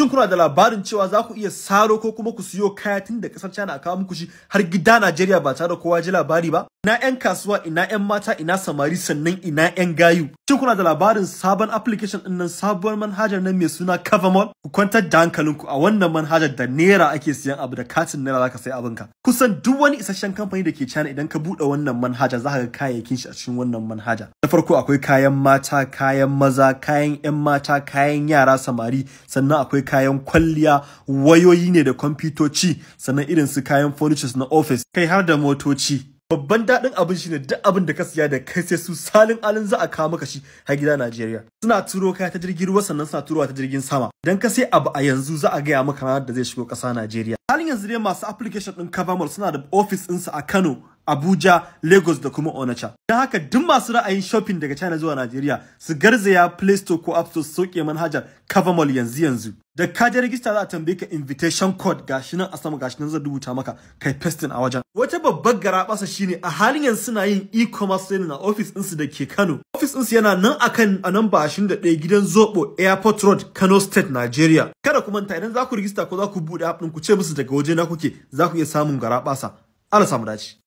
Shin kuna da labarin cewa za ku iya saro ko kuma ku siyo kaya da ƙasar China a kawo muku shi har gida Najeriya ba tare da kowa ji labari ba? ina 'yan kasuwa ina 'yan mata ina samari sannan ina 'yan gayu shin kuna da labarin sabon application ɗin nan sabuwar manhajar nan mai suna covermall ku kwantar da hankalinku a wannan manhajar da naira ake siyan abu da katin naira zaka sai abinka kusan duk wani isasshen kamfani da ke cana idan ka buɗe wannan manhaja ka ga kayayyakin shi a cikin wannan manhaja na farko akwai kayan mata kayan maza kayan 'yan mata kayan yara samari sannan akwai kayan kwalliya wayoyi ne da kwamfutoci sannan irin su kayan furnitures na office kai har da motoci babban daɗin abin shine duk abin da ka siya da kai sai su salin alin za a kawo maka shi har gida Najeriya suna turo kaya ta jirgin ruwa sannan suna turowa ta jirgin sama dan ka sai abu a yanzu za a gaya maka ranar da zai shigo ƙasa Najeriya halin yanzu dai masu application ɗin Kavamol suna da office ɗinsu a Kano Abuja, Lagos da kuma onacha Don haka duk masu ra'ayin shopping daga China zuwa Najeriya su garzaya Play Store ko App Store soke manhajar Covermall yanzu yanzu. Da ka je register za a tambaye ka invitation code gashi nan a sama gashi nan zan rubuta maka kai pasting a wajen. Wata babbar garaɓasa shine a halin yanzu suna yin e-commerce selling a office ɗinsu da ke Kano. Office ɗinsu yana nan akan a nan bashin da ɗaya gidan Zobo Airport Road Kano State Nigeria. Kada ku manta idan za ku register ko za ku buɗe app ɗin ku ce musu daga waje na kuke za ku iya samun garaɓasa. Allah samu dace.